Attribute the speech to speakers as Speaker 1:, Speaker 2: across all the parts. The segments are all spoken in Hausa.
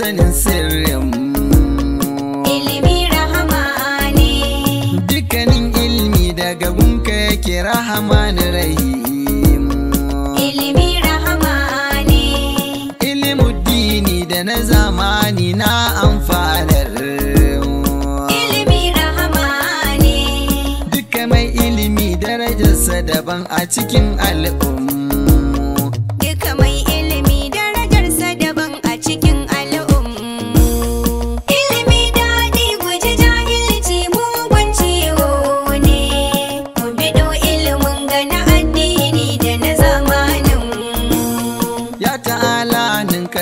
Speaker 1: sanin sirrin ilimi rahama ne dukkanin ilimi daga gunka yake rahama ni rahim ilimi rahama ne ilimu dini da na zamani na amfanar ilimi rahama ne duka mai ilimi darajarsa daban a cikin al'umma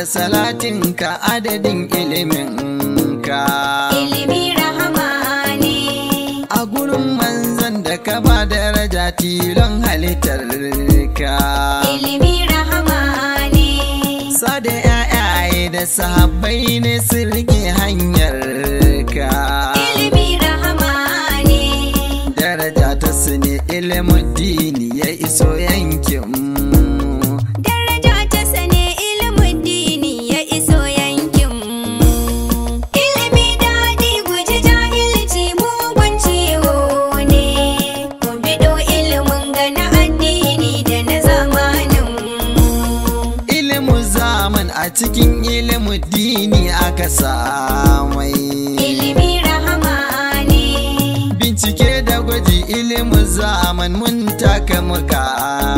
Speaker 1: salatinka adadin iliminka ilimi
Speaker 2: rahama ne
Speaker 1: a gurin manzan da ka ba daraja tilon halittarka ilimi rahama ne sada yayaye da sahabbai ne su rike hanyar ka ilimi
Speaker 2: rahama ne
Speaker 1: daraja ta su ilimin dini ya iso yankin cikin ilimin dini aka samai
Speaker 2: ilimi rahama
Speaker 1: ne bincike da gwaji ilimin zaman mun taka muka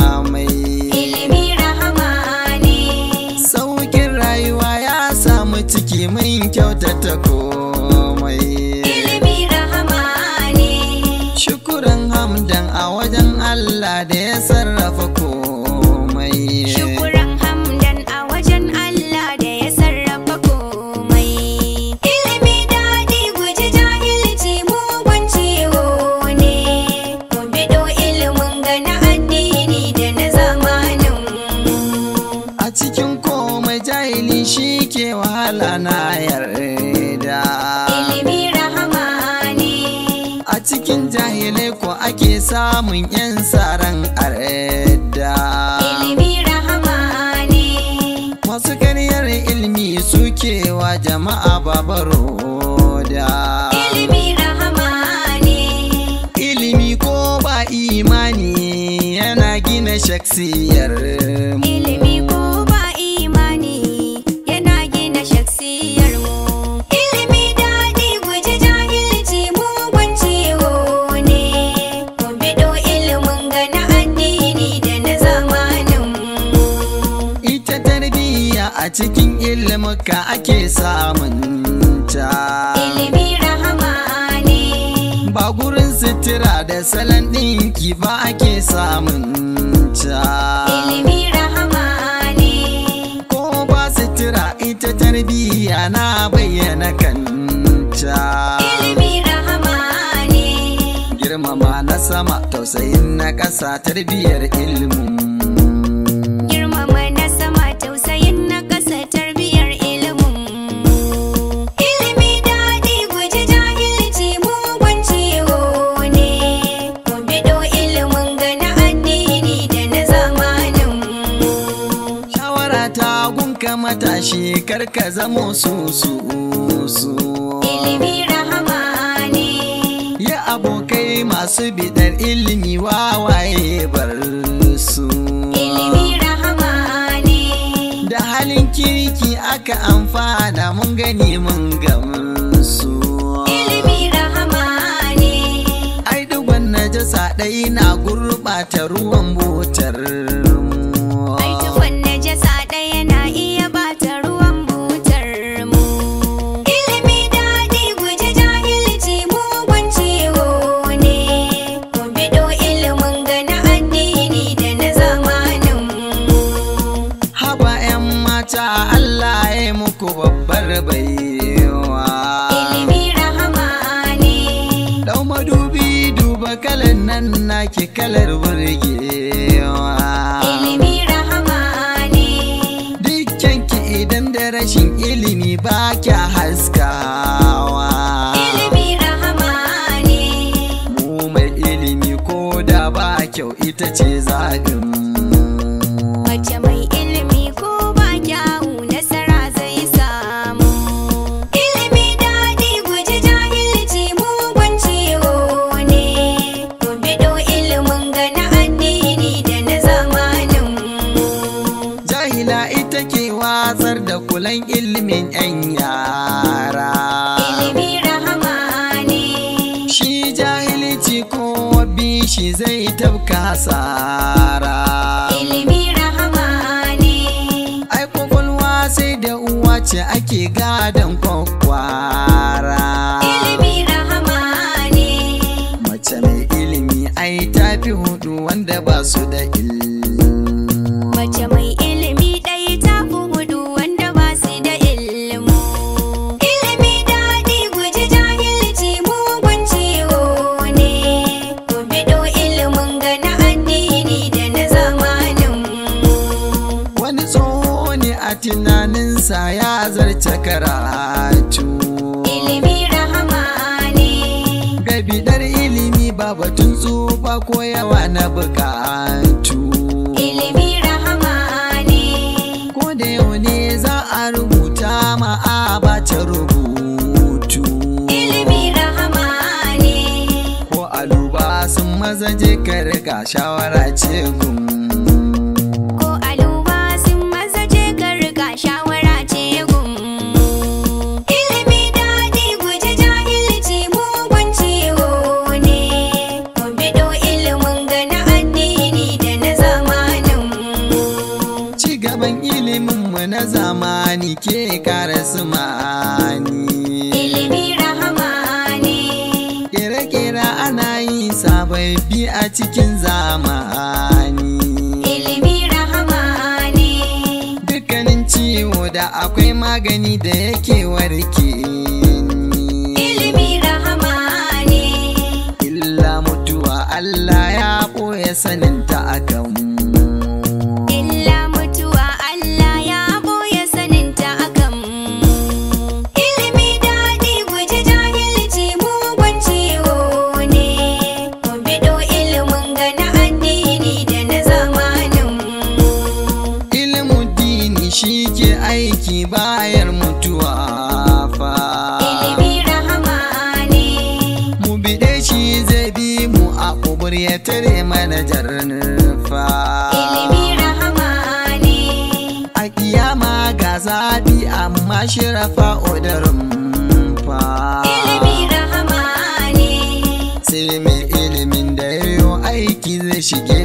Speaker 1: a cikin jahilai ko ake samun 'yan saran arda ilimi rahama ne masu karyar ilimi suke wa jama'a babar da ilimi
Speaker 2: rahama ne
Speaker 1: ilimi ko ba imani yana gina shaksiyar mu a cikin ilimuka ake samun ta ilimi rahama ne ba gurin sitira da salon ɗinki ba ake samun ta ilimi rahama ne ko ba sutura ita tarbiyya na bayyana kanta ilimi rahama ne girmama na sama tausayin na ƙasa tarbiyyar ilimin ka matashi kar ka zamo su su ilimi rahama ne ya abokai masu bidar ilimi wawaye bar su ilimi rahama ne da halin kirki aka amfana mun gani mun gamsu ilimi rahama ne ai duk wannan jasa ɗai na gurɓata ruwan botar. back, yeah. shi ko bishi zai tabka sara. ilimi rahama ne ai kwakwalwa sai da uwa ce ake gadon kwakwa ta karatu
Speaker 2: ilimi rahama ne
Speaker 1: gabidar ilimi ba batun ba ko yawa na bukatu ilimi rahama ne ko da yau ne za a rubuta ma ba ta rubutu ilimi rahama ne ko aluba sun maza je ka riga shawara ce gun zamani ke kara ma'ani. Ilimi
Speaker 2: rahamani.
Speaker 1: Kere-kere ana yi sababbi a cikin zamani. Ilimi rahamani. Dukkanin ciwo da akwai magani da yake warke. Ilimi rahamani. Illa mutuwa Allah ya ɓoye saninta akan ya tare mana jarnufa ilimi rahama ne a kiyama ga zaɓi amma shirafa odarin fa ilimi rahama ne sai mai ilimin da yayo aiki zai shige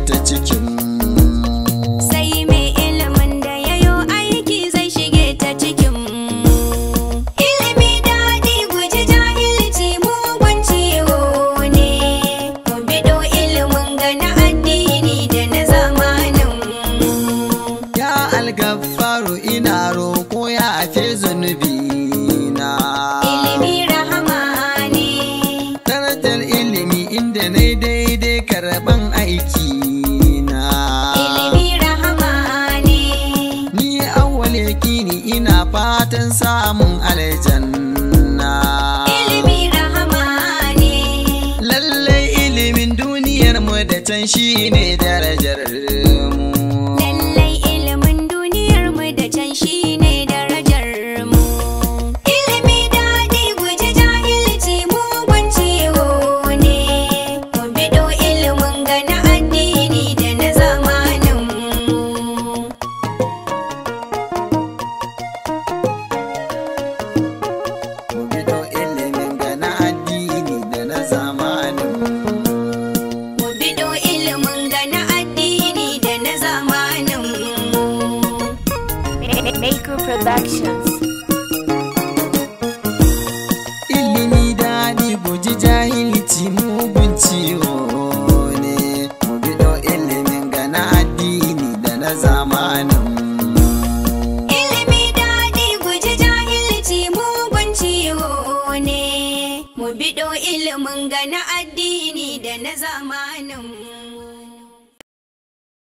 Speaker 1: inda na daidai karban aiki na ilimi rahama ne ni awwal ina fatan samun aljanna ilimi rahama ne lalle ilimin duniyar mu da can shine darajar